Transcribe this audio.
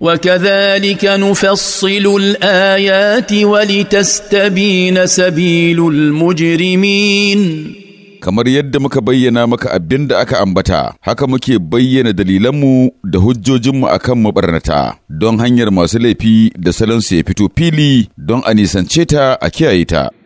وكذلك نفصل الايات ولتستبين سبيل المجرمين kamar yadda muka bayyana maka abin da aka ambata haka muke bayyana dalilanmu da hujjojinmu a kan mabarnata don hanyar masu laifi da salonsu ya fito fili don a nisance ta a kiyaye ta